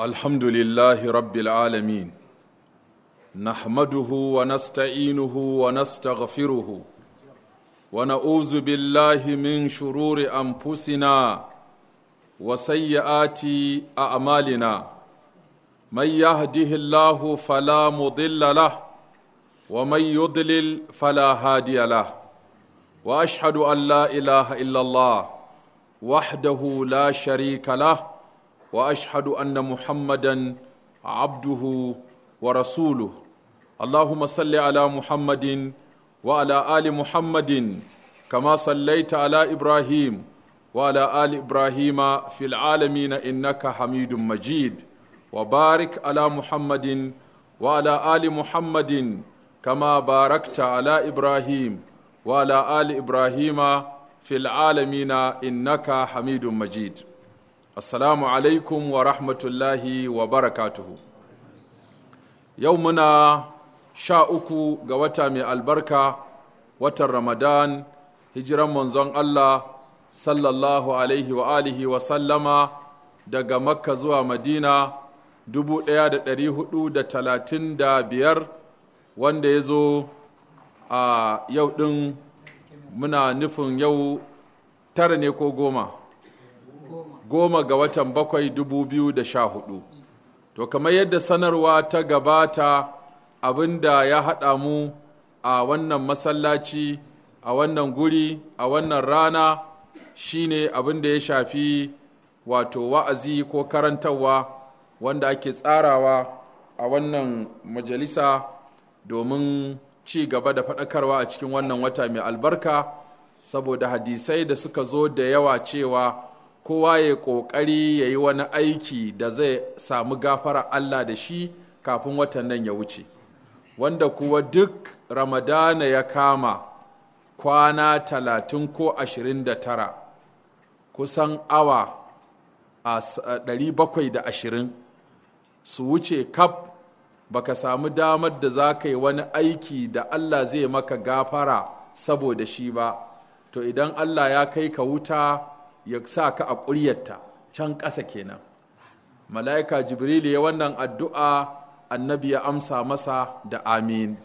الحمد لله رب العالمين نحمده ونستعينه ونستغفره ونعوذ بالله من شرور انفسنا وسيئات اعمالنا من يهده الله فلا مضل له ومن يضلل فلا هادي له واشهد ان لا اله الا الله وحده لا شريك له واشهد ان محمدا عبده ورسوله اللهم صل على محمد وعلى ال محمد كما صليت على ابراهيم وعلى ال ابراهيم في العالمين انك حميد مجيد وبارك على محمد وعلى ال محمد كما باركت على ابراهيم وعلى ال ابراهيم في العالمين انك حميد مجيد Assalamu alaikum wa rahmatullahi wa barakatuhu. Yau muna sha uku ga wata mai albarka, watan Ramadan, hijiran manzon Allah, sallallahu alaihi wa alihi wa sallama daga Makka zuwa Madina, dubu ɗaya da ɗari hudu da talatin da biyar, wanda ya zo a yau ɗin muna nufin yau tara ne ko goma. goma ga watan bakwai dubu biyu da sha hudu to kamar yadda sanarwa ta gabata abin da ya haɗa mu a wannan masallaci a wannan guri a wannan rana shine abin da ya shafi wato wa'azi ko karantarwa wanda ake tsarawa a wannan majalisa domin ci gaba da faɗakarwa a cikin wannan wata mai albarka saboda hadisai da suka zo da yawa cewa kowa ya ƙoƙari ya yi wani aiki da zai samu gafara Allah da shi kafin watan nan ya wuce wanda kuwa duk ramadana ya kama kwana talatin ko ashirin da tara kusan awa a ɗari bakwai da ashirin su wuce kaf baka samu damar da za ka yi wani aiki da Allah zai maka gafara saboda shi ba to idan Allah ya kai ka wuta ya sa ka a ƙuryarta can ƙasa kenan mala'ika jibril ya wannan addu'a annabi ya amsa masa da amin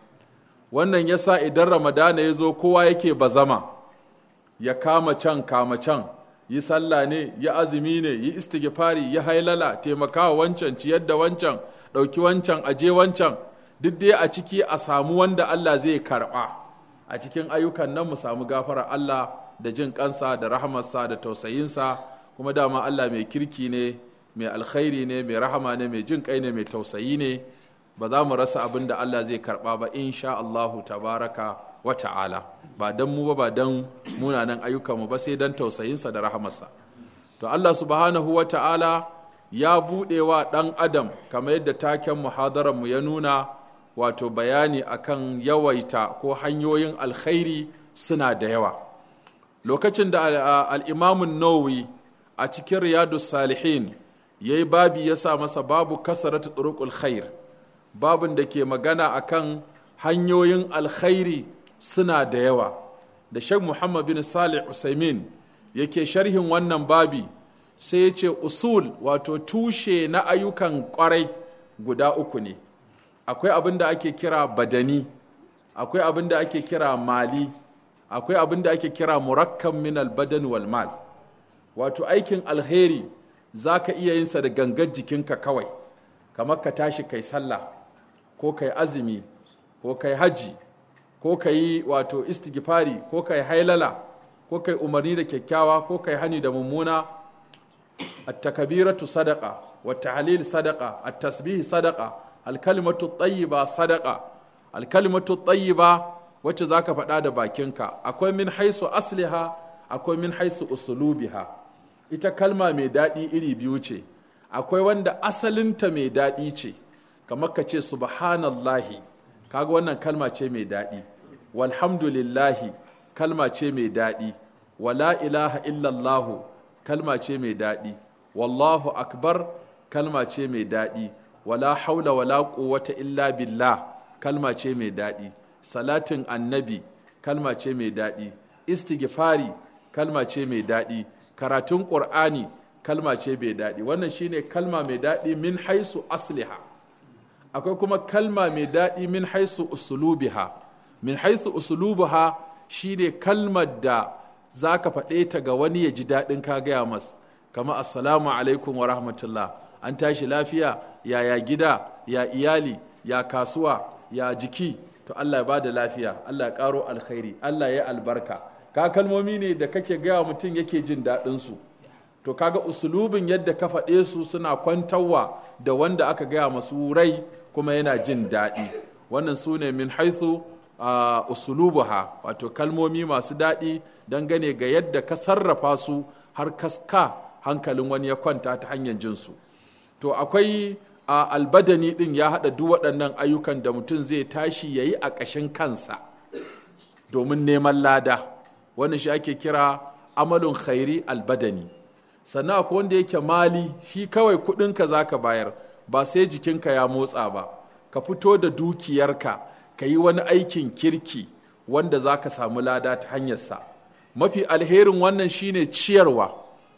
wannan ya sa idan ramadana ya zo kowa yake bazama ya kama can kama can yi sallah ne yi azumi ne yi istighfari yi hailala taimakawa wancan ciyar da wancan ɗauki wancan aje wancan duk dai a ciki a samu wanda allah zai karɓa a cikin ayyukan nan mu samu gafara allah da jin kansa da rahamarsa da tausayinsa kuma dama Allah mai kirki ne mai alkhairi ne mai rahama ne mai jin kai ne mai tausayi ne ba za mu rasa abin da Allah zai karba ba insha Allahu tabaraka wa ta'ala ba dan mu ba ba dan munanan ayyukan mu ba sai dan tausayinsa da rahamarsa to Allah subhanahu wa ta'ala ya buɗe wa ɗan adam kamar yadda taken muhadarar mu ya nuna wato bayani akan yawaita ko hanyoyin alkhairi suna da yawa lokacin da al'imamun nawawi a cikin riyadu salihin ya yi babi ya sa masa babu kasaratu turuqul khair babin da ke magana a kan hanyoyin alkhairi suna da yawa da shek muhammad bin salih usaimin yake sharhin wannan babi sai ya ce usul wato tushe na ayyukan kwarai guda uku ne akwai abin da ake kira badani akwai abin da ake kira mali akwai abin da ake kira mu min albadan wal mal wato aikin alheri zaka iya yinsa da gangar jikinka kawai kamar ka tashi kai sallah ko kai azumi ko kai haji ko kai wato istighfari ko kai hailala ko kai umarni da kyakkyawa ko kai hani da mummuna at-takbiratu sadaqa wa tahlil sadaqa at-tasbih sadaqa al-kalimatu at-tayyiba sadaqa al-kalimatu at-tayyiba wacce za ka faɗa da bakinka akwai min haisu asliha akwai min haisu usulubiha ita kalma mai daɗi iri biyu ce akwai wanda asalinta mai daɗi ce kamar ka ce subhanallahi kaga wannan kalma ce mai daɗi walhamdulillahi kalma ce mai daɗi wala ilaha illallahu kalma ce mai daɗi wallahu akbar kalma ce mai daɗi wala haula wala quwwata illa billah kalma ce mai daɗi salatin annabi kalma ce mai daɗi istighfari kalma ce mai daɗi karatun ƙur'ani kalma ce mai daɗi wannan shine kalma mai daɗi min haisu asliha akwai kuma kalma mai daɗi min haisu usulubiha min haisu usulubiha shine kalmar da za ka faɗe ta ga wani ya ji daɗin ka gaya mas kama assalamu alaikum wa rahmatullah an tashi lafiya yaya gida ya iyali ya kasuwa ya jiki to Allah ya ba da lafiya Allah ya karo alkhairi Allah ya albarka ka kalmomi ne da kake gaya mutum yake jin daɗin su to kaga usulubin yadda ka faɗe su suna kwantarwa da wanda aka gaya masu rai kuma yana jin daɗi wannan su ne min haithu uh, usulubuha wato kalmomi masu daɗi gane ga yadda ka sarrafa su har kaska hankalin wani ya kwanta ta hanyar jinsu to akwai a albadani din ya haɗa duk waɗannan ayyukan da mutum zai tashi ya yi a ƙashin kansa domin neman lada wani shi ake kira amalin khairi albadani sannan akwai wanda yake mali shi kawai kuɗinka za ka bayar ba sai jikinka ya motsa ba ka fito da dukiyarka ka yi wani aikin kirki wanda za ka samu lada ta hanyarsa mafi alherin wannan shine ciyarwa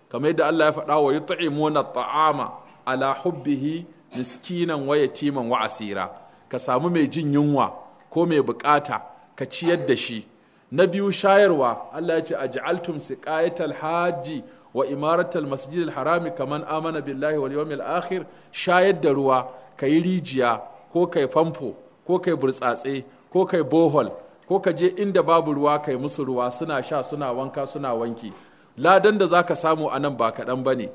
kamar yadda Allah ya faɗa wa yut'imuna ta'ama ala hubbihi miskinan waya timan wa asira ka samu mai jin yunwa ko mai bukata ka ciyar da shi na biyu shayarwa Allah ya ce a su ƙayatar haji wa imaratal masjidil harami kaman amana billahi wal yawmil akhir shayar da ruwa ka yi rijiya ko kai famfo ko kai burtsatse ko kai bohol ko ka je inda babu ruwa kai musu ruwa suna sha suna wanka suna wanki ladan da za ka samu a nan ba kaɗan ba ne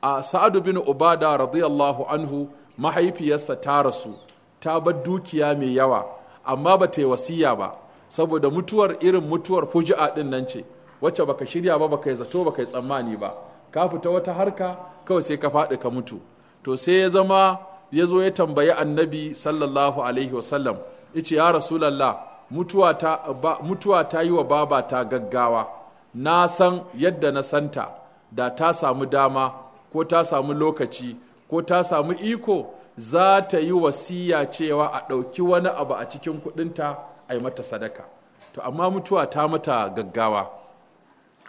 a sa'adu bin ubada radiyallahu anhu mahaifiyarsa ta rasu ta bar dukiya mai yawa amma ba ta yi wasiya ba saboda mutuwar irin mutuwar fuji'a din nan ce wacce baka shirya ba baka yi zato baka yi tsammani ba ka fita wata harka kawai sai ka faɗi ka mutu to sai ya zama ya zo ya tambayi annabi sallallahu alaihi wasallam ice ya rasulallah mutuwa ta yi wa baba ta gaggawa na san yadda na santa da ta samu dama ko ta samu lokaci ko ta samu iko za ta yi wasiya cewa a ɗauki wani abu a cikin kuɗinta a yi mata sadaka to amma mutuwa ta mata gaggawa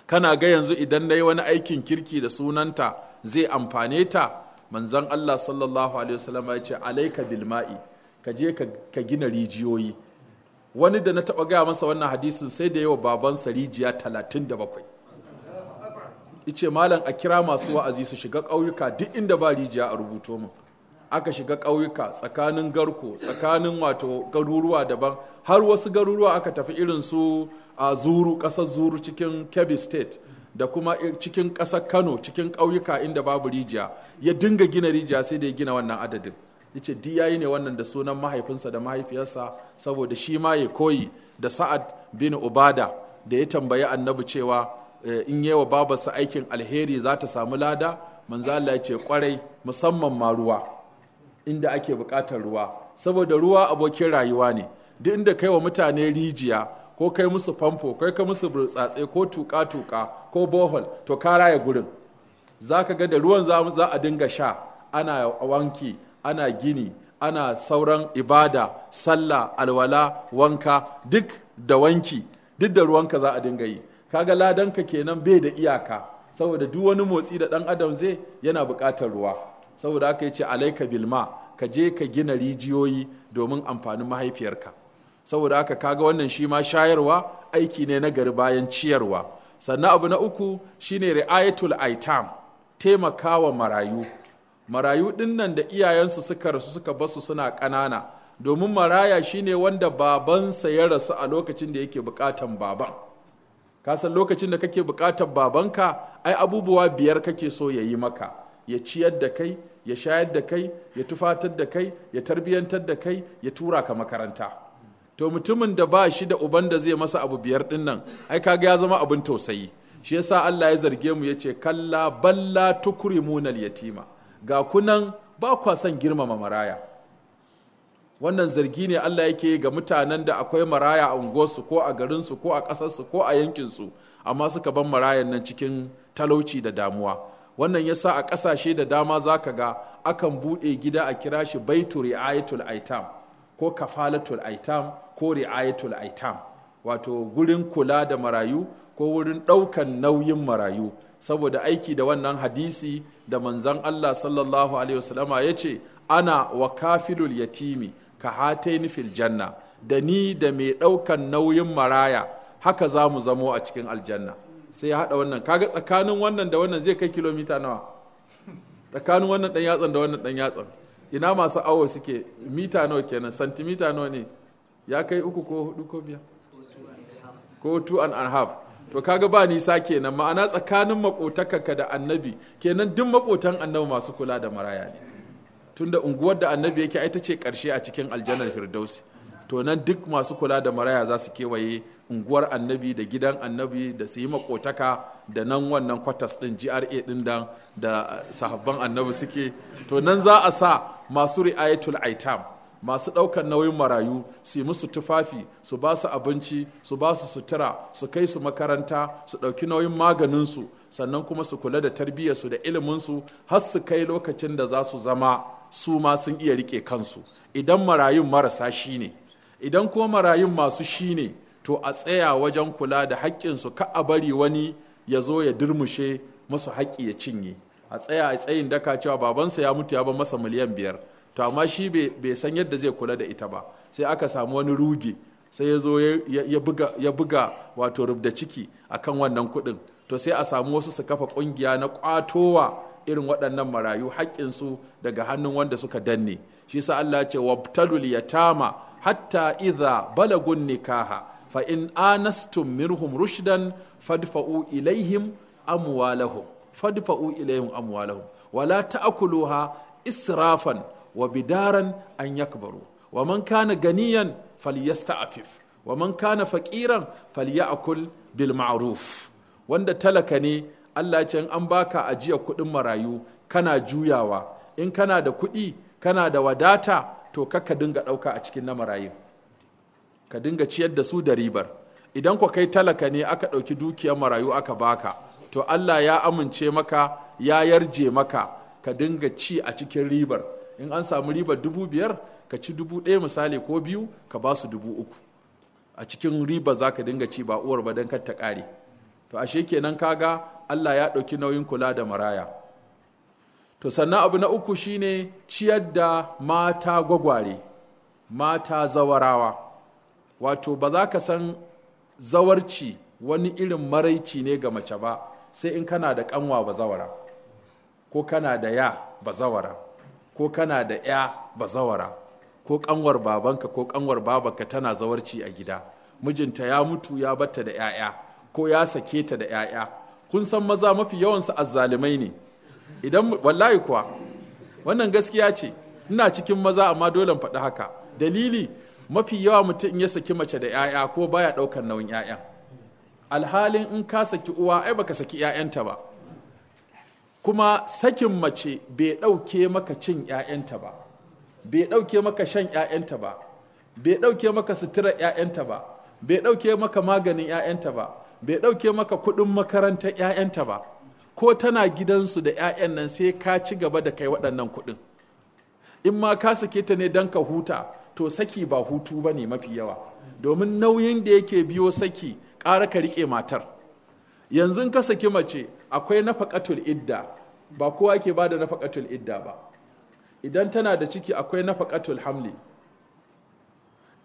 kana ga yanzu idan na yi wani aikin kirki da sunanta zai amfane ta manzan allah sallallahu alaihi wasallam ya ce alaika bilma'i ka je ka gina rijiyoyi wani da na taɓa gaya masa wannan hadisin sai da yawa babansa rijiya talatin da bakwai ice malam a kira masu wa'azi su shiga ƙauyuka duk inda ba rijiya a rubuto mu aka shiga ƙauyuka tsakanin garko tsakanin wato garuruwa daban har wasu garuruwa aka tafi irin su a zuru ƙasar zuru cikin kebbi state da kuma cikin ƙasar kano cikin ƙauyuka inda babu rijiya ya dinga gina rijiya sai da ya gina wannan adadin ya ce di yayi ne wannan da sunan mahaifinsa da mahaifiyarsa saboda shi ma ya koyi da sa'ad bin ubada da ya tambayi annabi cewa Eh, in yi wa babarsa aikin alheri za ta samu lada manzo Allah ce kwarai musamman ma ruwa inda ake bukatar ruwa saboda ruwa abokin rayuwa ne duk inda kai wa mutane rijiya ko kai musu famfo kai ka musu burtsatse ko tuka-tuka ko bohol to ka raya gurin za ka ga da ruwan za a dinga sha ana wanki ana gini ana sauran ibada sallah alwala wanka duk da wanki duk da ruwanka za a dinga yi kaga ladanka kenan bai da iyaka saboda duk wani motsi da dan adam zai yana buƙatar ruwa saboda aka yi ce alaika bilma ka je ka gina rijiyoyi domin amfanin mahaifiyarka saboda aka kaga wannan shi ma shayarwa aiki ne na gari bayan ciyarwa sannan abu na uku shine ri'ayatul aitam taimakawa marayu marayu dinnan da iyayensu suka rasu suka basu suna ƙanana domin maraya shine wanda babansa ya rasu a lokacin da yake bukatan baban ka san lokacin da kake bukatar babanka ai abubuwa biyar kake so ya yi maka ya ciyar da kai ya shayar da kai ya tufatar da kai ya tarbiyantar da kai ya tura ka makaranta to mutumin da ba shi da uban da zai masa abu biyar din nan ai kaga ya zama abin tausayi shi yasa Allah ya zarge mu yace kalla balla tukrimunal yatima ga kunan ba kwa son girmama maraya wannan zargi ne Allah yake ga mutanen da akwai maraya a unguwarsu ko a garinsu ko a ƙasarsu ko a yankinsu amma suka ban marayan nan cikin talauci da damuwa wannan ya sa a ƙasashe da dama za ka ga akan buɗe gida a kira shi baitu ri'ayatul aitam ko kafalatul aitam ko ri'ayatul aitam wato gurin kula da marayu ko wurin ɗaukan nauyin marayu saboda aiki da wannan hadisi da manzan Allah sallallahu alaihi wasallama ya ce ana wa kafilul yatimi ka ni fil janna da ni da mai ɗaukan nauyin maraya haka za mu zamo a cikin aljanna sai ya haɗa wannan kaga tsakanin wannan da wannan zai kai kilomita nawa tsakanin wannan ɗan yatsan da wannan ɗan yatsan ina masu awo suke mita nawa kenan santimita nawa ne ya kai uku ko hudu ko biyar ko two and a half to kaga ba nisa kenan ma'ana tsakanin makotakanka da annabi kenan duk makotan annabi masu kula da maraya ne tunda unguwar da annabi yake ai ta ce karshe a cikin aljannar firdausi to nan duk masu kula da maraya za su kewaye unguwar annabi da gidan annabi da su yi makotaka da nan wannan kwatas din gra din da da sahabban annabi suke to nan za a sa masu ri'ayatul aitam masu ɗaukar nauyin marayu su yi musu tufafi su ba su abinci su ba su sutura su kai su makaranta su ɗauki nauyin maganinsu sannan kuma su kula da su da iliminsu har su kai lokacin da za su zama su ma sun iya rike kansu idan marayun marasa shi ne idan kuma marayun masu shi ne to a tsaya wajen kula da haƙƙinsu ka a bari wani ya zo ya durmushe masu haƙƙi ya cinye a tsaya a tsayin daka cewa babansa ya mutu ya ba masa miliyan biyar to amma shi bai san yadda zai kula da ita ba sai aka samu wani ruge sai ya zo ya buga wato rubda ciki akan wannan kuɗin to sai a samu wasu su kafa ƙungiya na ƙwatowa irin waɗannan marayu haƙƙinsu daga hannun wanda suka danne shi sa Allah ce wabtalul yatama hatta idza balagun nikaha fa in anastum minhum rushdan fadfa'u ilaihim amwalahum fadfa'u ilaihim amwalahum wala ta'kuluha israfan wa bidaran an yakbaru wa man kana ganiyan falyasta'fif wa man kana faqiran falyakul bil ma'ruf wanda talaka ne Allah ce an baka ajiya kuɗin marayu kana juyawa in kana da kuɗi kana da wadata to ka dinga ɗauka a cikin na marayu ka dinga ciyar da su da ribar idan ku kai talaka ne aka ɗauki dukiyar marayu aka baka to Allah ya amince maka ya yarje maka ka dinga ci a cikin ribar in an samu ribar dubu biyar ka ci dubu ɗaya misali ko biyu ka ba su dubu uku a cikin riba za ka dinga ci ba uwar ba don kar ta ƙare to ashe kenan kaga Allah ya ɗauki nauyin kula da maraya to sannan abu na uku shine ciyar da mata gwagware mata zawarawa wato ba za ka san zawarci wani irin maraici ne ga mace ba sai in kana da kanwa ba zawara ko kana da ya ba zawara ko kana da ya ba zawara ko kanwar babanka ko kanwar babanka tana zawarci a gida mijinta ya mutu ya batta da 'ya'ya ko ya sake ta da 'ya'ya kun san maza mafi yawansu azzalumai ne idan wallahi kuwa wannan gaskiya ce ina cikin maza amma dole faɗi haka dalili mafi yawa mutum ya saki mace da 'ya'ya ko baya ɗaukar nauyin yaya alhalin in ka saki uwa ai baka saki 'ya'yanta ba kuma sakin mace bai ɗauke maka cin 'ya'yanta ba bai ɗauke maka shan 'ya'yanta ba bai ɗauke maka sutura 'ya'yanta ba bai ɗauke maka maganin 'ya'yanta ba bai ɗauke maka kuɗin makarantar 'ya'yanta ba ko tana gidansu da 'ya'yan nan sai ka ci gaba da kai waɗannan kuɗin in ma ka sake ta ne don ka huta to saki ba hutu ba ne mafi yawa domin nauyin da yake biyo saki ƙara ka riƙe matar yanzu ka saki mace akwai nafaƙatul idda ba kowa ke ba da nafaƙatul idda ba idan tana da ciki akwai nafaƙatul hamli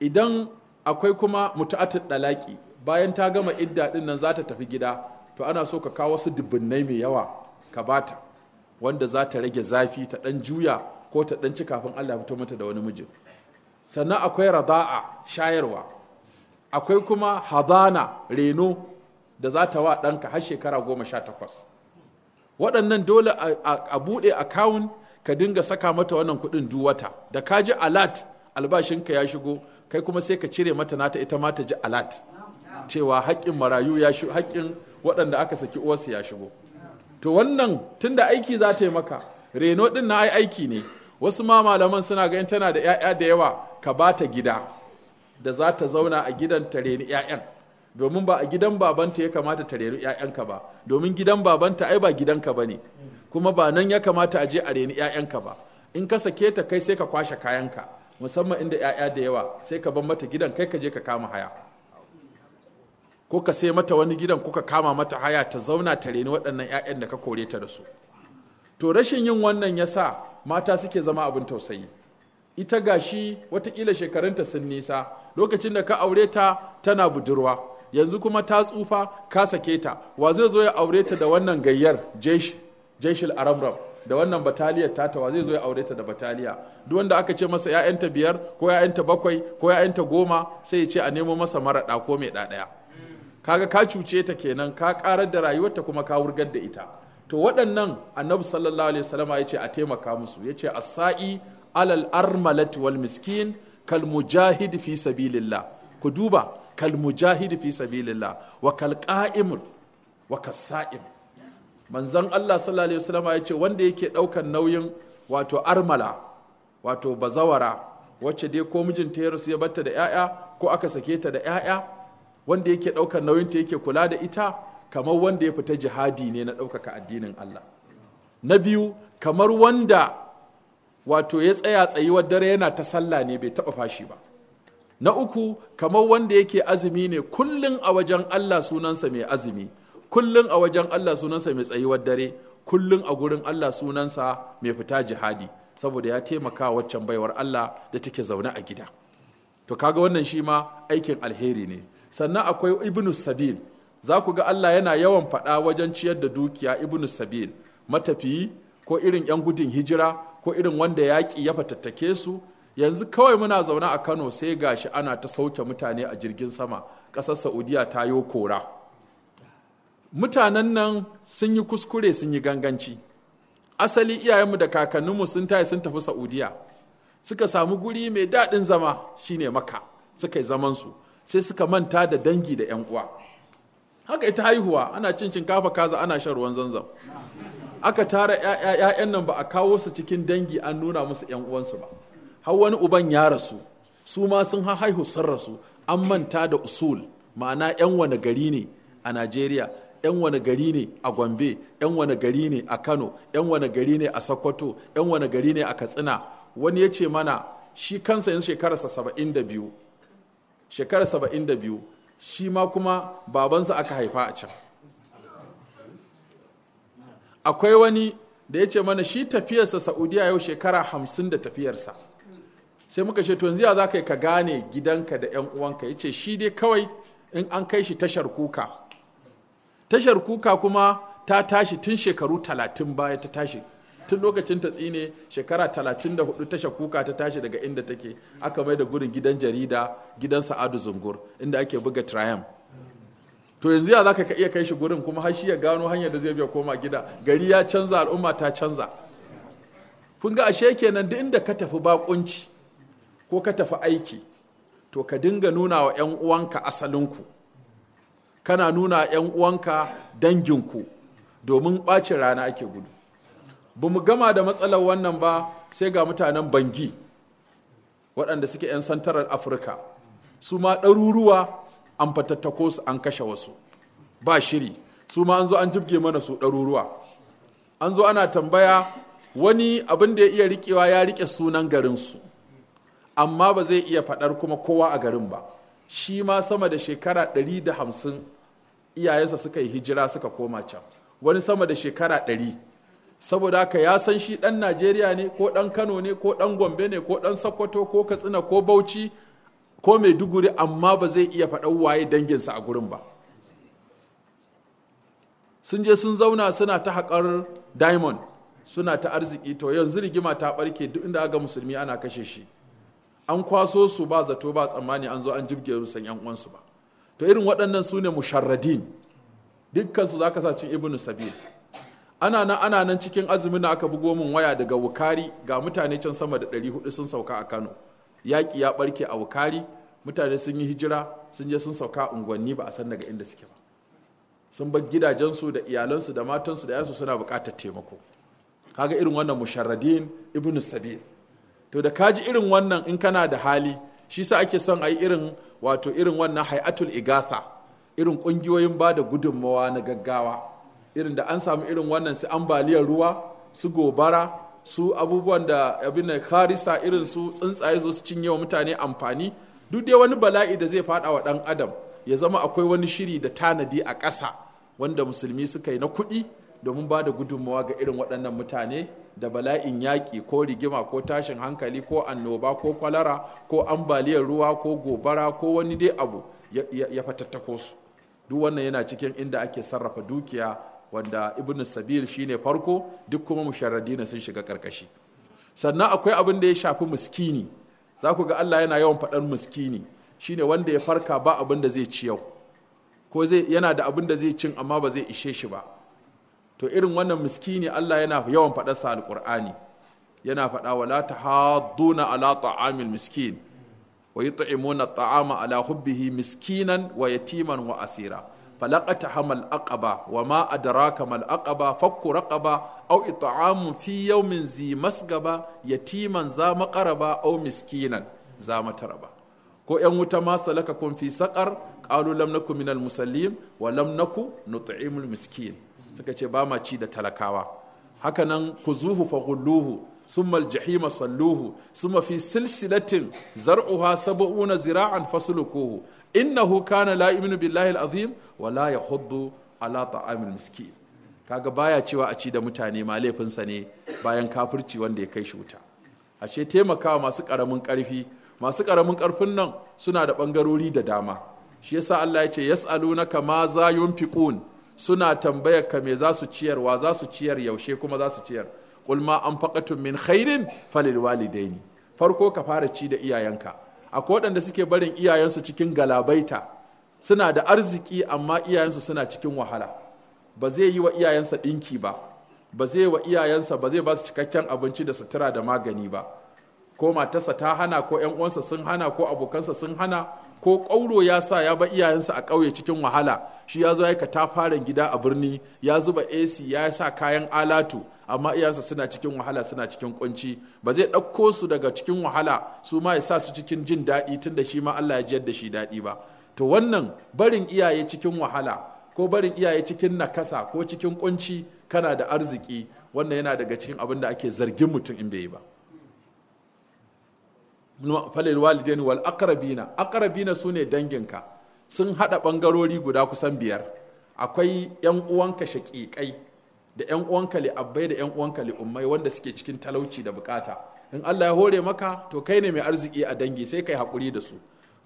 idan akwai kuma mutu'atul dalaki. bayan ta gama idda din nan za ta tafi gida to ana so ka kawo wasu dubbinai mai yawa ka bata wanda za ta rage zafi ta dan juya ko ta dan ci kafin Allah fito mata da wani mijin sannan akwai rada'a shayarwa akwai kuma hadana reno da za ta wa ɗanka har shekara goma sha takwas waɗannan dole a buɗe akawun ka dinga saka mata wannan kuɗin wata da ka ji alat albashinka ya shigo kai kuma sai ka cire mata nata ita ma ta ji alat cewa haƙƙin marayu ya shigo haƙƙin waɗanda aka saki uwarsu ya shigo to wannan tunda aiki za ta yi maka reno din na ai aiki ne wasu ma malaman suna ga tana da 'ya'ya da yawa ka ba ta gida da za ta zauna a gidan ta reni 'ya'yan domin ba a gidan babanta ya kamata ta reni 'ya'yanka ba domin gidan babanta ai ba gidanka ba ne kuma ba nan ya kamata a je a reni 'ya'yanka ba in ka sake ta kai sai ka kwashe kayanka musamman inda 'ya'ya da yawa sai ka bar mata gidan kai ka je ka kama haya ko ka sai mata wani gidan kuka kama mata haya ta zauna ta reni waɗannan 'ya'yan da ka kore ta da su to rashin yin wannan ya sa mata suke zama abin tausayi ita gashi watakila shekarunta sun nisa lokacin da ka aure ta tana budurwa yanzu kuma ta tsufa ka sake ta wa zai zo ya aure ta da wannan gayyar jesh jeshil aramram da wannan bataliyar tata wa zai zo ya aure ta da bataliya duk wanda aka ce masa 'ya'yanta biyar ko 'ya'yanta bakwai ko 'ya'yanta goma sai ya ce a nemo masa mara ko mai ɗaya. kaga ka cuce ta kenan ka karar da rayuwarta kuma ka wurgar da ita to waɗannan annabi sallallahu alaihi wasallam ya ce a taimaka musu ya ce as-sa'i alal armalati wal miskin kal mujahid fi sabilillah ku duba kal mujahid fi sabilillah wa kal qa'im wa kas sa'im manzon Allah sallallahu alaihi wasallam ya ce wanda yake daukan nauyin wato armala wato bazawara wacce dai ko mijinta ya rasu ya batta da 'ya'ya ko aka sake ta da 'ya'ya wanda yake ɗaukar nauyinta yake kula da ita kamar wanda ya fita jihadi ne na ɗaukaka addinin Allah na biyu kamar wanda wato ya tsaya tsayuwar dare yana ta sallah ne bai taɓa fashi ba na uku kamar wanda yake azumi ne kullum a wajen Allah sunansa mai azumi kullum a wajen Allah sunansa mai tsayuwar dare kullum a gurin Allah sunansa mai fita jihadi saboda ya taimaka waccan baiwar Allah da take zaune a gida to kaga wannan shi ma aikin alheri ne sannan akwai ibnu sabil za ku ga Allah yana yawan faɗa wajen ciyar da dukiya ibnu sabil matafiyi ko irin 'yan gudun hijira ko irin wanda yaƙi ya fatattake su yanzu kawai muna zaune a kano sai gashi ana ta sauke mutane a jirgin sama ƙasar saudiya ta yo kora mutanen nan sun yi kuskure sun yi ganganci asali iyayenmu da kakanninmu sun tayi sun tafi saudiya suka samu guri mai daɗin zama shine maka suka yi su. sai suka manta da dangi da 'yan uwa haka ita haihuwa ana cin shinkafa kaza ana shan ruwan zanzam aka tara 'ya'yan nan ba a kawo su cikin dangi an nuna musu 'yan uwansu ba har wani uban ya rasu su ma sun haihu sun rasu an manta da usul ma'ana 'yan wani gari ne a najeriya 'yan wani gari ne a gombe 'yan wani gari ne a kano 'yan wani gari ne a sokoto 'yan wani gari ne a katsina wani ya ce mana shi kansa yanzu shekararsa saba'in da biyu shekara saba'in da biyu shi ma kuma babansa aka haifa a can akwai wani da ya ce mana shi tafiyarsa saudiya yau shekara hamsin da tafiyarsa sai muka ce tunziya za ka yi ka gane gidanka da 'yan uwanka ya ce shi dai kawai in an kai shi tashar kuka tashar kuka kuma ta tashi tun shekaru talatin baya ta tashi tun lokacin ta tsine shekara 34 tasha kuka ta tashi daga inda take aka mai da gurin gidan jarida gidan sa'adu zungur inda ake buga triumph to yanzu ya zaka ka iya kai shi gurin kuma har ya gano hanyar da zai biya koma gida gari ya canza al'umma ta canza kun ga ashe kenan duk inda ka tafi bakunci ko ka tafi aiki to ka dinga nuna wa 'yan uwanka asalinku kana nuna 'yan uwanka danginku domin ɓacin rana ake gudu ba mu gama da matsalar wannan ba sai ga mutanen bangi waɗanda suke 'yan santarar afirka su ma ɗaruruwa an fatattako su an kashe wasu ba shiri su ma an zo an jibge mana su ɗaruruwa an zo ana tambaya wani abin da ya iya riƙewa ya riƙe sunan garinsu amma ba zai iya faɗar kuma kowa a garin ba shi ma sama da shekara ɗari da 150 iyayensa suka yi hijira suka koma can wani sama da shekara ɗari. saboda haka ya san shi ɗan najeriya ne ko ɗan kano ne ko ɗan gombe ne ko ɗan sokoto ko katsina ko bauchi ko maiduguri amma ba zai iya faɗan waye danginsa a gurin ba sun je sun zauna suna ta haƙar diamond suna ta arziki to yanzu rigima ta ɓarke duk inda aga musulmi ana kashe shi an kwaso su ba zato ba tsammani an zo an jibge rusan yan uwansu ba to irin waɗannan su ne musharradin dukkansu za ka sa cin ibnu sabil ana nan ana nan cikin azumin na aka bugo min waya daga wukari ga mutane can sama da 400 sun sauka a kano yaƙi ya barke a wukari mutane sun yi hijira sun je sun sauka unguwanni ba a san daga inda suke ba sun bar gidajensu da iyalansu da matansu da yansu suna buƙatar taimako kaga irin wannan musharradin ibnu sabil to da kaji irin wannan in kana da hali shi sa ake son a yi irin wato irin wannan hayatul igatha irin ƙungiyoyin ba da gudunmawa na gaggawa irin da an samu irin wannan su ambaliyar ruwa su gobara su abubuwan da abin da harisa irin su tsuntsaye zo su cinye wa mutane amfani duk dai wani bala'i da zai fada wa dan adam ya zama akwai wani shiri da tanadi a ƙasa wanda musulmi suka yi na kuɗi domin ba da gudunmawa ga irin waɗannan mutane da bala'in yaƙi ko rigima ko tashin hankali ko annoba ko kwalara ko ambaliyar ruwa ko gobara ko wani dai abu ya fatattako su duk wannan yana cikin inda ake sarrafa dukiya wanda ibn sabil shine farko duk kuma musharradina sun shiga karkashi sannan akwai abin da ya shafi miskini za ku ga Allah yana yawan faɗan miskini shine wanda ya farka ba abin da zai ci yau ko zai yana da abin da zai cin amma ba zai ishe shi ba to irin wannan miskini Allah yana yawan faɗar sa alqur'ani yana faɗa wala tahadduna ala ta'amil miskin wa yut'imuna at'ama ala hubbihi miskinan wa yatiman wa asira falaqata hamal aqaba wa ma adraka mal au fakku raqaba aw it'amun fi yawmin zi masgaba yatiman za maqaraba aw miskinan za mataraba ko yan wuta ma salakakum fi saqar qalu lam naku minal musallin wa lam naku nut'imul miskin suka ce ba ma ci da talakawa hakanan kuzuhu fa gulluhu summa aljahima salluhu summa fi silsilatin zar'uha sab'una zira'an fasluquhu innahu kana la yu'minu billahi wala azim wa la yahuddu ala ta'amil miski kaga baya cewa a ci da mutane ma laifinsa ne bayan kafirci wanda ya kai shi wuta ashe taimakawa masu karamin karfi masu karamin karfin nan suna da bangarori da dama shi yasa Allah ya ce yas'alunaka ma za yunfiqun suna tambayar ka me za su ciyar wa za su ciyar yaushe kuma za su ciyar qul ma anfaqatum min khairin falil walidaini farko ka fara ci da iyayenka akwai waɗanda suke barin iyayensu cikin galabaita suna da arziki amma iyayensu suna cikin wahala ba zai yi wa iyayensa ɗinki ba ba zai wa iyayensa ba zai ba su cikakken abinci da sutura da magani ba ko matarsa ta hana ko 'yan uwansa sun hana ko abokansa sun hana ko ƙauro ya sa ya ba iyayensa a ƙauye cikin wahala shi ya zo ya ka tafaren gida a birni ya zuba ac ya sa kayan alatu amma iyayensa suna cikin wahala suna cikin kunci ba zai ɗauko su daga cikin wahala su ma ya sa su cikin jin daɗi tunda shi ma Allah ya jiyar da shi daɗi ba to wannan barin iyaye cikin wahala ko barin iyaye cikin nakasa ko cikin kunci kana da arziki wannan yana daga cikin abin da ake zargin mutum in bai yi ba falil walidain wal aqrabina aqrabina sune danginka sun hada bangarori guda kusan biyar akwai yan uwanka shakikai da yan uwanka li abbai da yan uwanka li ummai wanda suke cikin talauci da bukata in Allah ya hore maka to kai ne mai arziki a dangi sai kai hakuri da su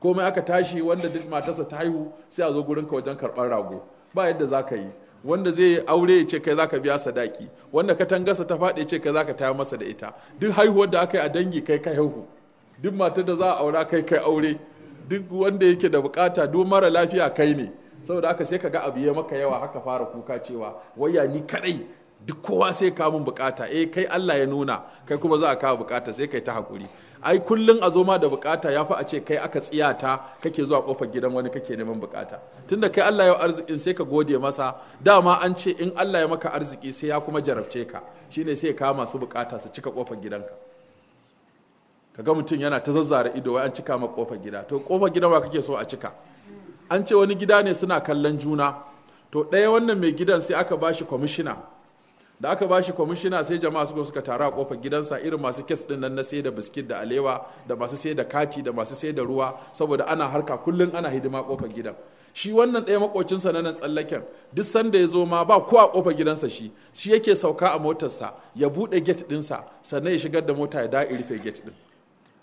komai aka tashi wanda duk matarsa ta haihu sai a zo ka wajen karɓar rago ba yadda za ka yi wanda zai aure ya ce kai zaka biya sadaki wanda katangarsa ta faɗi ce kai zaka taya masa da ita duk haihuwar da aka yi a dangi kai ka haihu duk matar da za a aura kai kai aure duk wanda yake da bukata duk mara lafiya kai ne saboda haka sai ka ga abu ya maka yawa haka fara kuka cewa waya ni kadai duk kowa sai ka mun bukata eh kai Allah ya nuna kai kuma za a kawo bukata sai kai ta hakuri ai kullun a zo ma da bukata ya fi a ce kai aka tsiyata kake zuwa kofar gidan wani kake neman bukata tunda kai Allah ya arzikin sai ka gode masa dama an ce in Allah ya maka arziki sai ya kuma jarabce ka shine sai ka masu bukata su cika kofar gidanka ka ga mutum yana ta zazzara ido wai an cika ma kofa gida to kofa gida ba kake so a cika an ce wani gida ne suna kallon juna to ɗaya wannan mai gidan sai aka bashi kwamishina da aka bashi kwamishina sai jama'a suka suka taru a kofar gidansa irin masu kes din nan na sai da biskit da alewa da masu sai da kati da masu sai da ruwa saboda ana harka kullum ana hidima kofar gidan shi wannan ɗaya makocinsa na nan tsallaken duk sanda ya zo ma ba ko a kofar gidansa shi shi yake sauka a motarsa ya buɗe gate ɗinsa sannan ya shigar da mota ya da rufe gate ɗin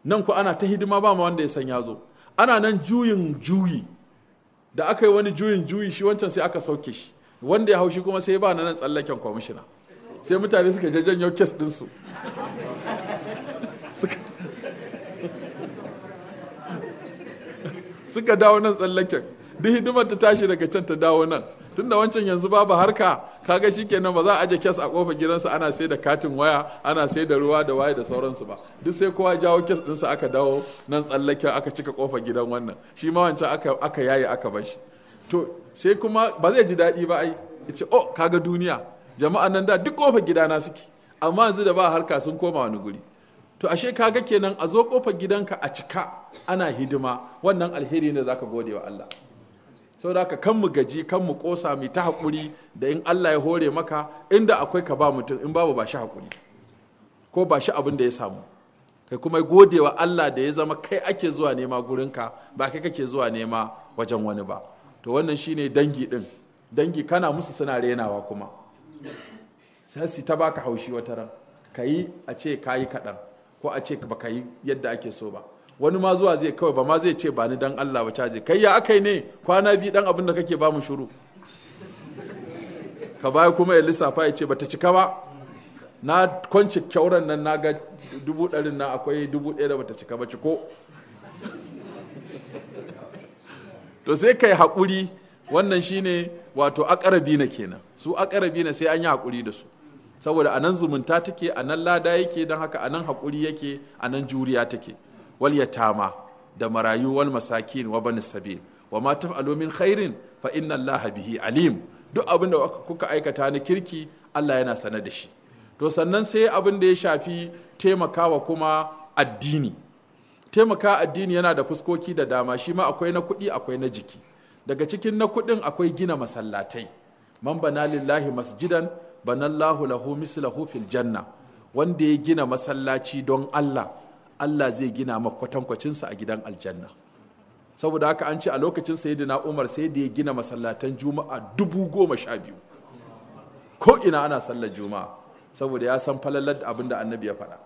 nan ku ana ta hidima ba ma wanda ya san ya zo ana nan juyin juyi da aka yi wani juyin juyi shi wancan sai aka sauke shi wanda ya haushi kuma sai ba na nan tsallaken kwamishina sai mutane suka je janyo kes su suka dawo nan tsallaken duk hidimar ta tashi daga can ta dawo nan tunda wancan yanzu babu harka kaga shikenan ba za a aje kes a kofa gidansa ana sai da katin waya ana sai da ruwa da waya da sauransu ba duk sai kowa jawo kes dinsa aka dawo nan tsallake aka cika kofar gidan wannan shi ma wancan aka aka yaye aka bashi to sai kuma ba zai ji daɗi ba ai yace oh kaga duniya jama'an nan da duk kofar gidana suke amma yanzu da ba harka sun koma wani guri to ashe kaga kenan a zo kofa gidanka a cika ana hidima wannan alheri ne zaka gode wa Allah da aka kan mu gaji kan mu kosa mai ta hakuri da in Allah ya hore maka inda akwai ka ba mutum in babu ba shi hakuri ko ba shi abin da ya samu kai kuma godewa Allah da ya zama kai ake zuwa nema gurinka ba kai kake zuwa nema wajen wani ba to wannan shine dangi din dangi kana musu suna renawa kuma sai ta baka haushi wata ran ka yi a ce ka yi kaɗan ko a ce ba yi yadda ake so ba wani ma zuwa zai kawai ba ma zai ce ba ni dan Allah ba caje kai ya akai ne kwana biyu dan abin da kake ba mu shuru ka kuma ya lissafa ya ce bata cika ba na kwanci kyauran nan na ga dubu ɗarin na akwai dubu ɗaya da bata cika ba ciko to sai kai haƙuri wannan shine wato akarabi na kenan su akarabi na sai an yi haƙuri da su saboda anan zumunta take anan lada yake don haka anan haƙuri yake anan juriya take wal yatama da marayu wal masakin wa bani sabil wa ma taf'alu min khairin fa inna allaha bihi alim duk abin da kuka aikata na kirki Allah yana sanar da shi to sannan sai abin da ya shafi taimakawa kuma addini taimaka addini yana da fuskoki da dama shi ma akwai na kuɗi akwai na jiki daga cikin na kuɗin akwai gina masallatai man bana lillahi masjidan banallahu lahu mislahu fil janna wanda ya gina masallaci don Allah Allah zai gina maka kwatankwacinsa a gidan aljanna saboda haka an ce a lokacin sayyidina Umar sai da ya gina masallatan juma'a dubu goma sha biyu ko ina ana sallar juma'a saboda ya san falalar da abin da annabi ya faɗa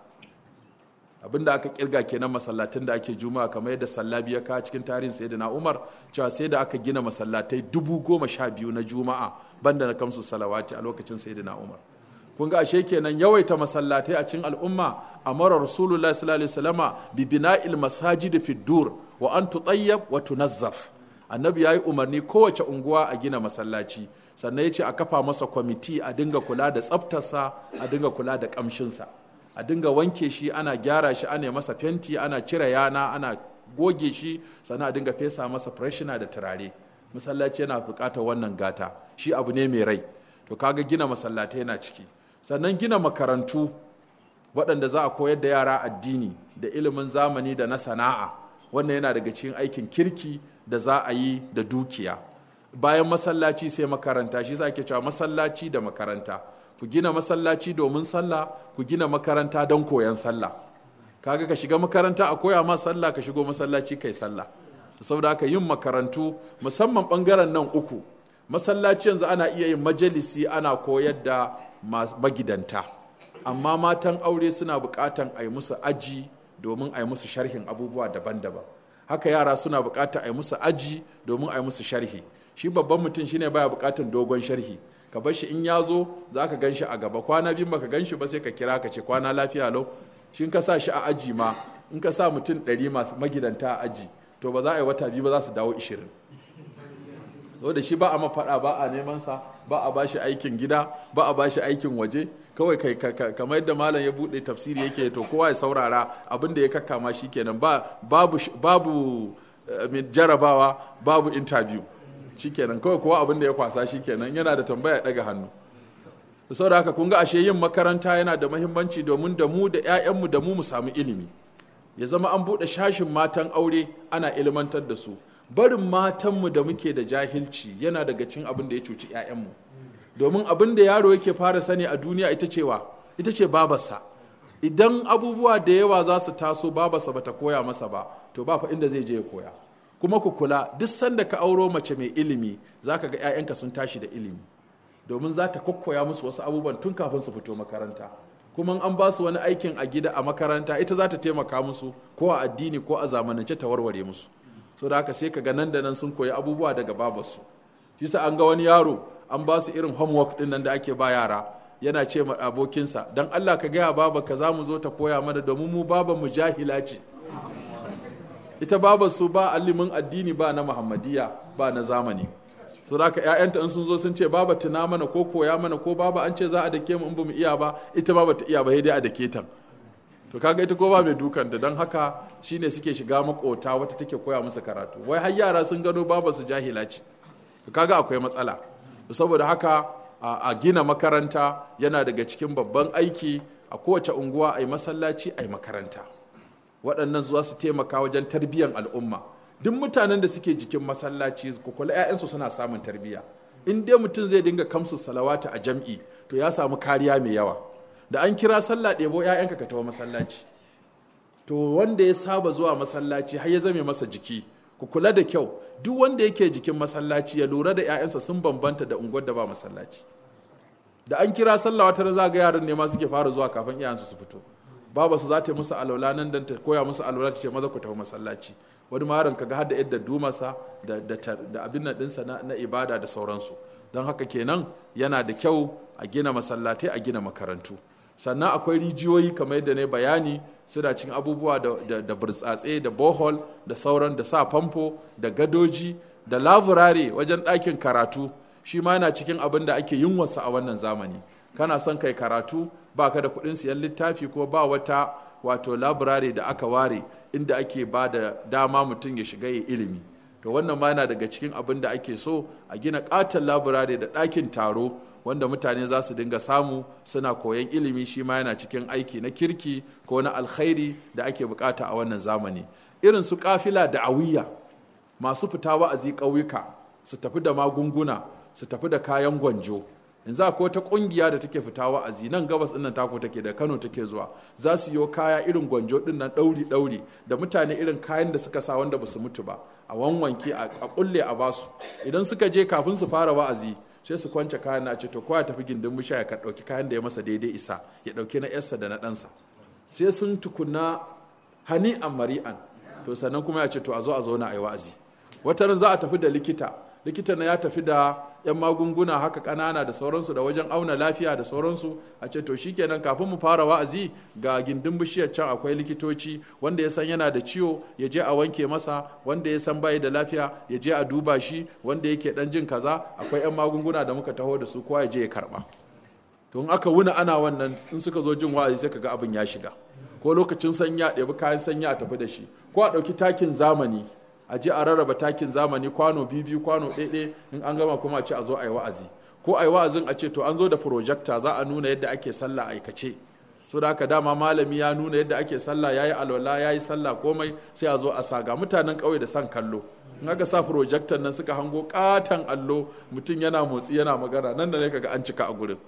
abin da aka kirga kenan masallatan da ake juma'a kamar yadda sallabi ya kawo cikin tarihin sayyidina Umar cewa sai da aka gina masallatai dubu goma sha biyu na juma'a banda na kamsu salawati a lokacin sayyidina Umar kun ga ashe kenan yawaita masallatai a cikin al'umma amara rasulullahi sallallahu alaihi wasallama bi bina'il masajid fi dur wa an tutayyab wa tunazzaf annabi yayi umarni kowace unguwa a gina masallaci sannan ya ce a kafa masa kwamiti a dinga kula da tsaftarsa a dinga kula da kamshinsa a dinga wanke shi ana gyara shi ana masa fenti ana cire yana ana goge shi sannan a dinga fesa masa freshener da turare masallaci yana bukatar wannan gata shi abu ne mai rai to kaga gina masallatai yana ciki sannan gina makarantu waɗanda za a koyar da yara addini da ilimin zamani da na sana'a wannan yana daga cikin aikin kirki da za a yi da dukiya bayan masallaci sai makaranta shi ake cewa masallaci da makaranta ku gina masallaci domin sallah ku gina makaranta don koyan sallah kaga ka shiga makaranta a koya ma sallah ka shigo masallaci kai sallah saboda haka yin makarantu musamman bangaren nan uku masallaci yanzu ana iya yin majalisi ana koyar da magidanta amma matan aure suna bukatan a yi musu aji domin a yi musu sharhin abubuwa daban-daban haka yara suna bukatan a yi musu aji domin a yi musu sharhi shi babban mutum shine baya bukatan dogon sharhi ka bar shi in ya zo za ka gan shi a gaba kwana biyu baka gan shi ba sai ka kira ka ce kwana lafiya lau shi ka sa shi a aji ma in ka sa mutum ɗari masu magidanta a aji to ba za a yi wata biyu ba za su dawo ishirin so da shi ba a mafaɗa ba a neman sa ba a bashi aikin gida ba a bashi aikin waje kawai kai kamar yadda malam ya bude tafsiri yake to kowa ya saurara abin da ya kakkama shi kenan ba babu babu eh, jarabawa babu interview shikenan kawai kowa abin da ya kwasa kenan yana da tambaya daga hannu saboda haka kun ga ashe yin makaranta yana da mahimmanci domin da mu da 'ya'yanmu da mu mu samu ilimi ya zama an bude shashin matan aure ana ilmantar da su barin matanmu da muke da jahilci yana daga cin abin da ya cuci 'ya'yanmu domin abin da yaro yake fara sani a duniya ita cewa ita ce babarsa idan abubuwa da yawa za su taso babarsa bata koya masa ba to ba fa inda zai je ya koya kuma ku kula duk sanda ka auro mace mai ilimi Za ka ga 'ya'yanka sun tashi da ilimi domin za ta kokkoya musu wasu abubuwan tun kafin su fito makaranta kuma an ba su wani aikin a gida a makaranta ita za ta taimaka musu ko a addini ko a zamanance ta warware musu so da haka sai ka ga nan da nan sun koyi abubuwa daga babarsu shi sa an ga wani yaro an ba su irin homework din nan da ake ba yara yana ce ma abokinsa don Allah ka gaya baba ka za mu zo ta koya mana domin mu baba mu jahila ce ita baba su ba alimin addini ba na muhammadiya ba na zamani so da ka ƴaƴanta in sun zo sun ce baba tuna mana ko koya mana ko baba an ce za a dake mu in bamu iya ba ita ma bata iya ba sai dai a dake ta to kaga ita ko ba mai dukan don haka shine suke shiga makota wata take koya musu karatu wai har yara sun gano baba su jahila ce to kaga akwai matsala saboda haka a gina makaranta yana daga cikin babban aiki a kowace unguwa a yi masallaci a yi makaranta waɗannan zuwa su taimaka wajen tarbiyyar al'umma duk mutanen da suke jikin masallaci ku kula 'ya'yansu suna samun tarbiyya in dai mutum zai dinga kamsu salawata a jam'i to ya samu kariya mai yawa da an kira sallah ɗebo 'ya'yanka ka tawo masallaci to wanda ya saba zuwa masallaci har ya zame masa jiki ku kula da kyau duk wanda yake jikin masallaci ya lura da 'ya'yansa sun bambanta da unguwar da ba masallaci da an kira sallah wata za ga yaran ne ma suke fara zuwa kafin iyayensu su fito baba su za ta musu alwala nan dan ta koya musu alwala ta ce maza ku tafi masallaci wani ma yaron kaga har da yadda dumasa da da, abin nan dinsa na, na ibada da sauransu don haka kenan yana da kyau a gina masallatai a gina makarantu sannan akwai rijiyoyi kamar yadda ne bayani suna cin abubuwa da burtsatse da bohol da sauran da sa famfo da gadoji da laburare wajen ɗakin karatu shi ma yana cikin abin da ake yin wasu a wannan zamani kana son kai karatu ba ka da kuɗin siyan littafi ko ba wata wato laburare da aka ware inda ake ba da dama mutum ya shiga ya ilimi to wannan ma yana daga cikin abin da ake so a gina ƙaton laburare da ɗakin taro wanda mutane za su dinga samu suna koyan ilimi shi ma yana cikin aiki na kirki ko na alkhairi da ake bukata a wannan zamani irin su kafila da awiya masu fita wa'azi ƙauyuka su tafi da magunguna su tafi da kayan gwanjo in za ko ta kungiya da take fita wa'azi nan gabas nan tako take da Kano take zuwa za su yi kaya irin gwanjo ɗinnan ɗauri ɗauri da mutane irin kayan da suka sa wanda ba su mutu ba a wanwanke a kulle a basu idan suka je kafin su fara wa'azi sai su kwance kayan na ce to kowa tafi gindin musha ya ɗauki kayan da ya masa daidai isa ya ɗauki na yarsa da na ɗansa sai sun tukuna hani'an mari'an to sannan kuma ya ce to a zo a zauna a yi wa'azi ran za a tafi da likita likita na ya tafi da yan magunguna haka kanana da sauransu da wajen auna lafiya da sauransu a ce to shi shikenan kafin mu fara wa'azi ga gindin bishiyar can akwai likitoci wanda ya san yana da ciwo ya je a wanke masa wanda ya san bai da lafiya ya je a duba shi wanda yake dan jin kaza akwai yan magunguna da muka taho da su kowa ya je ya karba to in aka wuna ana wannan in suka zo jin wa'azi sai kaga abin ya shiga ko lokacin sanya ɗebi kayan sanya a tafi da shi ko a ɗauki takin zamani a ji a rarraba takin zamani kwano biyu kwano ɗaya in an gama kuma a ce a zo a yi wa'azi ko a yi wa'azin a ce to an zo da projector za a nuna yadda ake sallah aikace so da haka dama malami ya nuna yadda ake sallah ya yi alwala ya yi sallah komai sai a zo a sa ga mutanen kauye da san kallo in aka sa projector nan suka hango katan allo mutum yana motsi yana magana nan da ne kaga an cika a gurin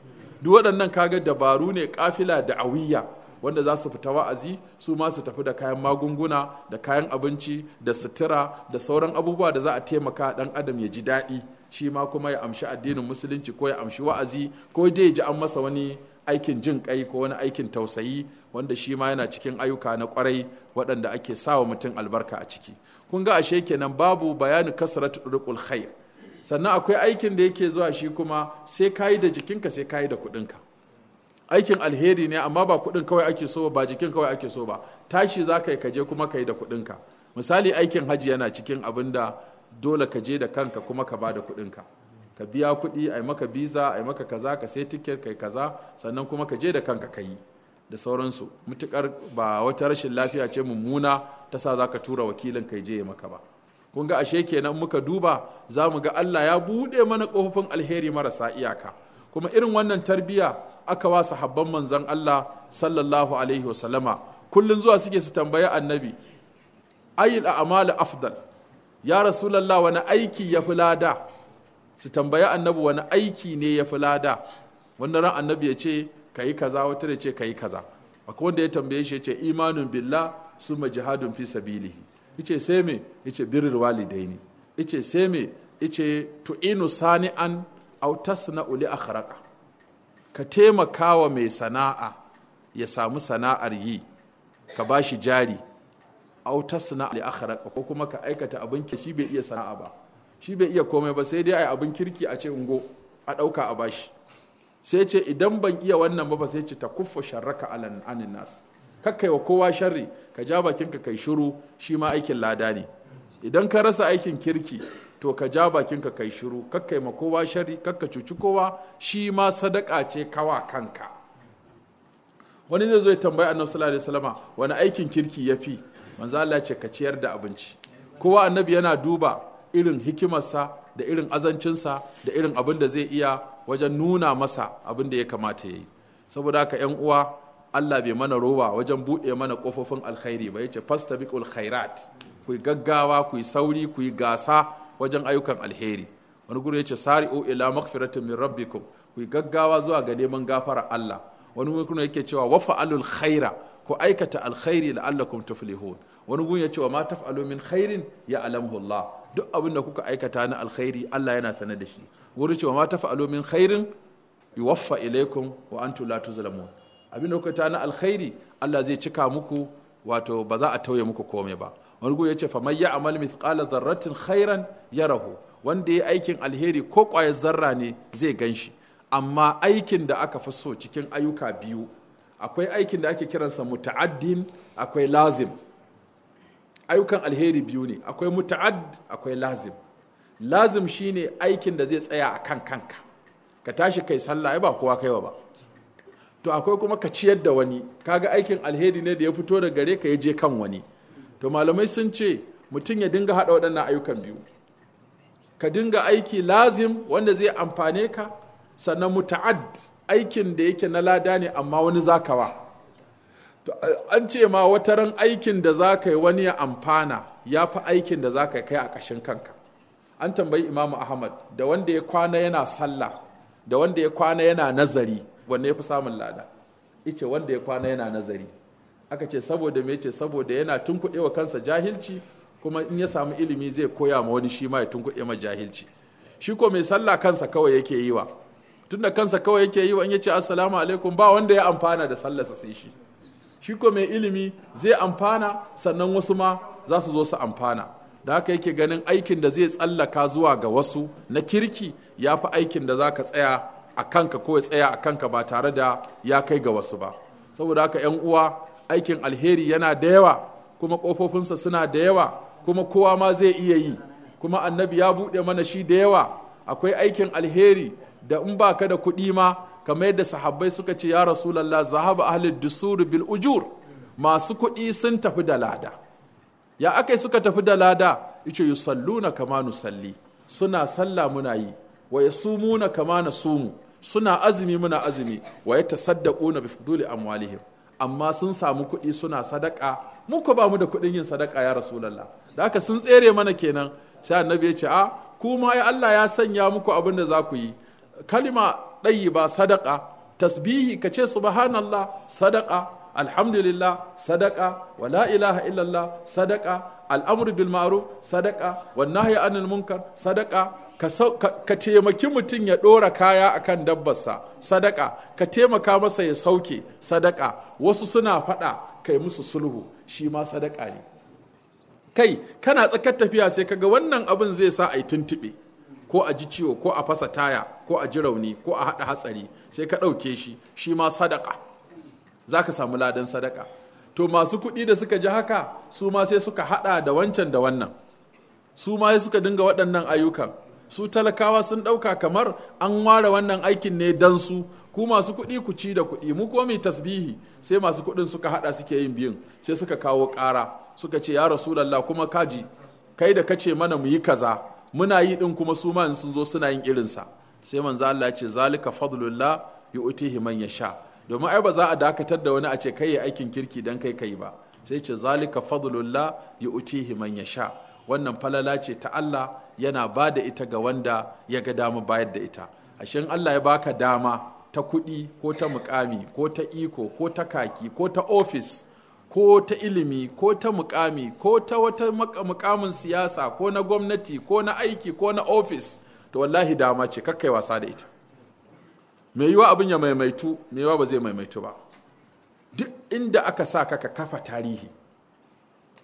duk waɗannan kaga dabaru ne kafila da awiya wanda za su fita wa'azi su ma su tafi da kayan magunguna da kayan abinci da sutura da sauran abubuwa da za a taimaka dan adam ya ji daɗi shi ma kuma ya amshi addinin musulunci ko ya amshi wa'azi ko dai ji an masa wani aikin jin kai ko wani aikin tausayi wanda shi ma yana cikin ayyuka na kwarai waɗanda ake sa wa mutum albarka a ciki kun ga ashe kenan babu bayanin kasratu turqul khair sannan akwai aikin da yake zuwa shi kuma sai kayi da jikinka sai kayi da kuɗinka aikin alheri ne amma ba kuɗin kawai ake so ba jikin kawai ake so ba tashi za ka yi kaje kuma ka yi da kuɗinka misali aikin hajji yana cikin abin da dole ka je da kanka kuma ka ba da kuɗinka ka biya kuɗi a yi maka biza a yi maka kaza ka sai tiket kai kaza sannan kuma ka je da kanka ka yi da sauransu mutukar ba wata rashin lafiya ce mummuna ta sa za ka tura wakilin kai je maka ba kun ga ashe kenan muka duba za mu ga Allah ya buɗe mana ƙofofin alheri marasa iyaka kuma irin wannan tarbiyya aka wa sahabban manzan Allah sallallahu alaihi wasallama kullun zuwa suke su tambayi annabi ayyul amali afdal ya rasulullah wani aiki ya fi lada su tambayi annabi wani aiki ne ya fi lada Wannan ran annabi ya ce kayi kaza wata ya ce kayi kaza akwai wanda ya tambaye shi ya ce imanun billah ma jihadun fi sabilihi yace sai me yace birrul walidaini yace sai me yace tu'inu sani'an aw tasna'u li akhraka ka taimaka wa mai sana'a ya samu sana'ar yi ka ba shi jari auta sana'a da akharaka ko kuma ka aikata abin shi bai iya sana'a ba shi bai iya komai ba sai dai ai abin kirki a ce ungo a ɗauka a bashi sai ce idan ban iya wannan ba sai ce ta kuffa sharraka alan anin nas kakkai wa kowa sharri ka ja bakinka kai shiru shi ma aikin lada ne idan ka rasa aikin kirki to ka ja bakinka kai shiru kakkai ma kowa shari kakka cuci kowa shi ma sadaka ce kawa kanka wani zai zo ya tambayi annabi sallallahu alaihi wasallama wani aikin kirki yafi manzo Allah ce ka ciyar da abinci kowa annabi yana duba irin hikimarsa da irin azancinsa da irin abin da zai iya wajen nuna masa abin da ya kamata ya yi saboda haka yan uwa Allah bai mana roba wajen buɗe mana kofofin alkhairi ba yace fastabiqul khairat ku gaggawa ku sauri ku gasa wajen ayyukan alheri wani guri ya ce sari'u ila magfiratin min rabbikum ku gaggawa zuwa ga neman gafara Allah wani guri yake cewa wa fa'alul khaira ku aikata alkhairi la'allakum tuflihun wani guri ya ce wa ma taf'alu min khairin ya Allah duk abin da kuka aikata na alkhairi Allah yana sanar da shi wani ce wa ma taf'alu min khairin yuwaffa ilaikum wa antum la tuzlamun abin da kuka ta na alkhairi Allah zai cika muku wato ba za a tauye muku komai ba margu ya ce fa mai ya'mal mithqala dharratin khairan yarahu wanda ya aikin alheri ko kwaya zarra ne zai gan shi amma aikin da aka fi so cikin ayyuka biyu akwai aikin da ake kiransa muta'addin akwai lazim ayyukan alheri biyu ne akwai muta'add akwai lazim lazim shine aikin da zai tsaya a kan kanka ka tashi kai sallah ba kowa kaiwa ba to akwai kuma ka ciyar da wani kaga aikin alheri ne da ya fito da gare ka ya je kan wani to malamai sun ce mutum ya dinga haɗa waɗannan ayyukan biyu ka dinga aiki lazim wanda zai amfane ka sannan muta'ad aikin da yake na lada ne amma wani zakawa eh, an ce ma wata ran aikin da za ka yi wani ya amfana ya fi aikin da za ka kai a ƙashin kanka an tambayi imamu ahmad da wanda ya kwana yana sallah da wanda ya kwana yana nazari wanne ya fi samun lada ice wanda ya kwana yana nazari aka ce saboda me ce saboda yana tunkuɗe wa kansa jahilci kuma in ya samu ilimi zai koya ma wani shi ma ya tunkuɗe ma jahilci shi ko mai sallah kansa kawai yake yi wa tunda kansa kawai yake yi wa in ya ce assalamu alaikum ba wanda ya amfana da sa sai shi shi ko mai ilimi zai amfana sannan wasu ma za su zo su amfana da haka yake ganin aikin da zai tsallaka zuwa ga wasu na kirki ya fi aikin da za ka tsaya a kanka ko ya tsaya a kanka ba tare da ya kai ga wasu ba saboda haka 'yan uwa aikin alheri yana da yawa kuma ƙofofinsa suna da yawa kuma kowa ma zai iya yi kuma annabi ya buɗe mana shi da yawa akwai aikin alheri da in ba ka da kuɗi ma kamar yadda sahabbai suka ce ya rasu rasulallah zahaba ahlid dusur bil ujur masu kuɗi sun tafi da lada ya akai suka tafi da lada yace yusalluna kama nusalli suna sallah muna yi wa yasumuna kama nasumu suna azumi muna azumi wa yatasaddaquna bi fuduli amwalihim amma sun samu kuɗi suna sadaka mu ko ba mu da kuɗin yin sadaka ya rasulullah da haka sun tsere mana kenan sai annabi ya ce a ah, ku ma ya Allah ya sanya muku abin da za ku yi kalima ɗayi ba sadaka tasbihi ka ce subhanallah sadaka alhamdulillah sadaka wa la ilaha illallah sadaka al'amru bil ma'ruf sadaka wa anan anil munkar sadaka ka taimaki mutum ya ɗora kaya akan dabbarsa sadaka ka taimaka masa ya sauke sadaka wasu suna faɗa kai musu sulhu shi ma sadaka ne kai kana tsakar tafiya sai kaga wannan abin zai sa a yi tuntuɓe ko a ji ciwo ko a fasa taya ko a ji rauni ko a haɗa hatsari sai ka ɗauke shi shi ma sadaka za ka samu ladan sadaka to masu kuɗi da suka ji haka su ma sai suka haɗa da wancan da wannan su ma sai suka dinga waɗannan ayyukan su talakawa sun ɗauka kamar an ware wannan aikin ne dan su ku masu kuɗi ku ci da kuɗi mu kuma mai tasbihi sai masu kuɗin suka haɗa suke yin biyun sai suka kawo ƙara suka ce ya rasulallah kuma kaji kai da kace mana mu yi kaza muna yi ɗin kuma su ma sun zo suna yin irinsa sai manzo Allah ya ce zalika fadlullah yu'tihi man yasha domin ai ba za a dakatar da wani a ce kai ya aikin kirki dan kai kai ba sai ce zalika fadlullah utihi man sha. wannan falala ce ta Allah yana ba da ita ga wanda ya ga dama bayar da ita ashin Allah ya baka dama ta kuɗi ko ta mukami ko ta iko ko ta kaki ko ta ofis ko ta ilimi ko ta mukami ko ta wata mukamin siyasa ko na gwamnati ko na aiki ko na ofis to wallahi dama ce kakkai wasa da ita mai yiwa abin ya maimaitu mai yiwa ba zai maimaitu ba duk inda aka sa ka kafa tarihi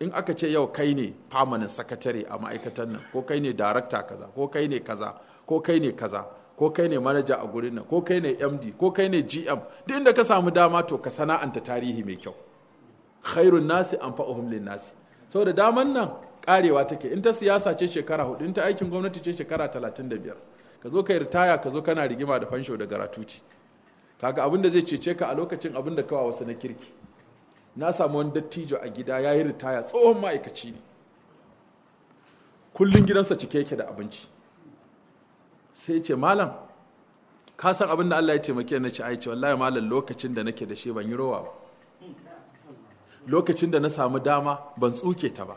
in aka ce yau kai ne permanent sakatare a ma'aikatan nan ko kai ne darakta kaza ko kai ne kaza ko kai ne kaza ko kai ne manaja a gurin nan ko kai ne md ko kai ne gm duk inda ka samu dama to ka sana'anta tarihi mai kyau khairun nasi an fa'uhum lin nasi saboda daman nan karewa take in ta siyasa ce shekara hudu in ta aikin gwamnati ce shekara talatin da biyar ka zo ka yi ritaya ka zo kana rigima da fansho da garatuci kaga abin da zai cece ka a lokacin abin da kawa wasu na kirki na samu wani dattijo a gida ya yi ritaya tsohon ma'aikaci ne kullum gidansa cike yake da abinci sai ce malam ka san abin da Allah ya taimake na ci aice wallahi malam lokacin da nake da shi ban yi rowa ba lokacin da na samu dama ban tsuke ta ba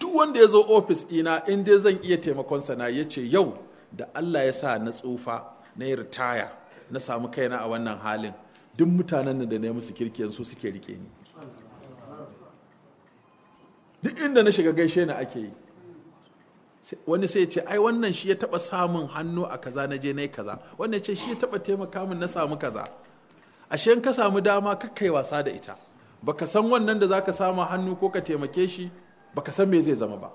duk wanda ya zo ofis ina in dai zan iya taimakonsa na ya ce yau da Allah ya sa na tsufa na yi ritaya na samu kaina a wannan halin duk mutanen da na yi musu kirkiyar su suke rike ni duk inda na shiga gaishe ni ake yi wani sai ce ai wannan shi ya taba samun hannu a kaza na je na yi kaza wannan ce shi ya taba taimaka min na samu kaza ashe ka samu dama kakkai wasa da ita baka san wannan da zaka samu hannu ko ka taimake shi baka san me zai zama ba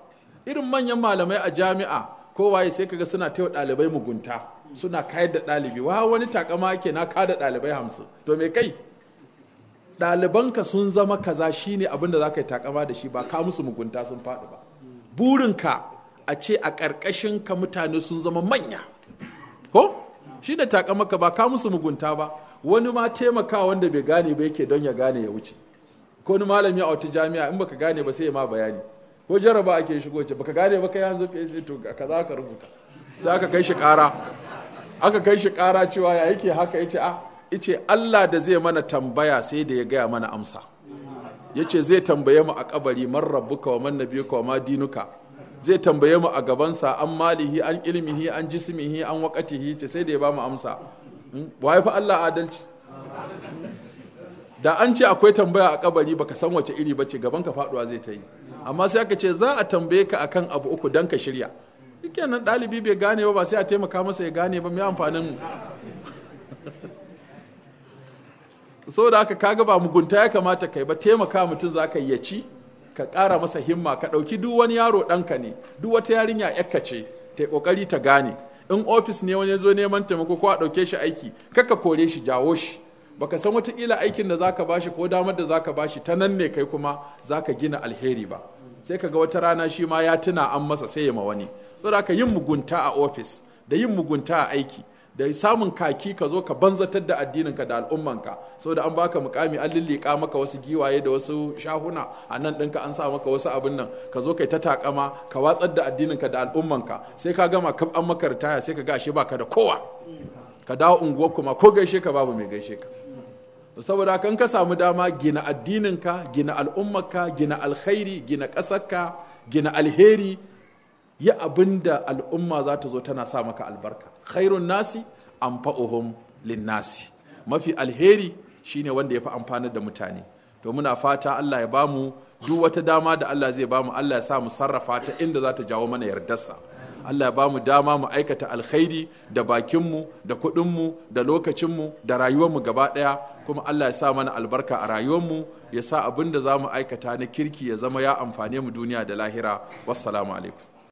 irin manyan malamai a jami'a kowaye sai kaga suna taiwa ɗalibai mugunta suna kayar da ɗalibi wa wani takama ake na kada ɗalibai hamsin to me kai ɗalibanka sun zama kaza shine abin da za ka yi takama da shi ba ka musu mugunta sun faɗi ba burinka a ce a ƙarƙashin ka mutane sun zama manya ko shi ne takamaka ba ka musu mugunta ba wani ma taimaka wanda bai gane ba yake don ya gane ya wuce ko wani malami a wata jami'a in baka gane ba sai ya ma bayani ko jaraba ake shigo ce baka gane baka yanzu ka ce to kaza ka rubuta sai aka kai shi kara aka kai shi kara cewa ya yake haka yace a ah, yace Allah da zai mana tambaya sai da ya gaya mana amsa yace zai tambaye mu a kabari man rabbuka wa man nabiyuka wa ma dinuka zai tambaye mu a gabansa an malihi an ilmihi an jismihi an waqatihi yace sai da ya ba mu amsa hmm? wai fa Allah adalci da an ce akwai tambaya a kabari baka san wace iri bace gaban ka faduwa zai ta yi amma sai aka ce za a tambaye ka akan abu uku dan ka shirya nan ɗalibi bai gane ba ba sai a taimaka masa ya gane ba mai amfanin mu saboda haka kaga ba mugunta ya kamata kai ba taimaka mutum za ka ya ci ka ƙara masa himma ka ɗauki duk wani yaro ɗanka ne duk wata yarinya yakka ce ta ƙoƙari ta gane in ofis ne wani ya zo neman taimako ko a ɗauke shi aiki kaka kore shi jawo shi baka san watakila aikin da zaka bashi ko damar da zaka bashi ta nan ne kai kuma zaka gina alheri ba sai kaga wata rana shi ma ya tuna an masa sai ya ma wani saboda ka yin mugunta a ofis da yin mugunta a aiki da samun kaki ka zo ka banzatar da addininka da al'ummanka saboda an baka mukami an lillika maka wasu giwaye da wasu shahuna a nan ɗinka an sa maka wasu abin nan ka zo kai ta takama ka watsar da addininka da al'ummanka sai ka gama kaf an maka ritaya sai ka ga ashe baka da kowa ka dawo unguwar kuma ko gaishe ka babu mai gaishe ka saboda kan ka samu dama gina addininka gina al'ummarka gina alkhairi gina ƙasarka gina alheri yi abinda al'umma za ta zo tana sa maka albarka khairun nasi lin nasi mafi alheri shine wanda ya fi amfanar da mutane to muna fata Allah ya bamu duk wata dama da Allah zai bamu Allah ya sa mu sarrafa ta inda za ta jawo mana yardarsa Allah ya ba mu dama mu aikata alkhairi da bakinmu da kuɗinmu da lokacinmu da rayuwarmu gaba ɗaya kuma Allah ya sa mana albarka a rayuwarmu ya sa abin da za mu aikata na kirki ya zama ya amfane mu duniya da lahira wassalamu alaikum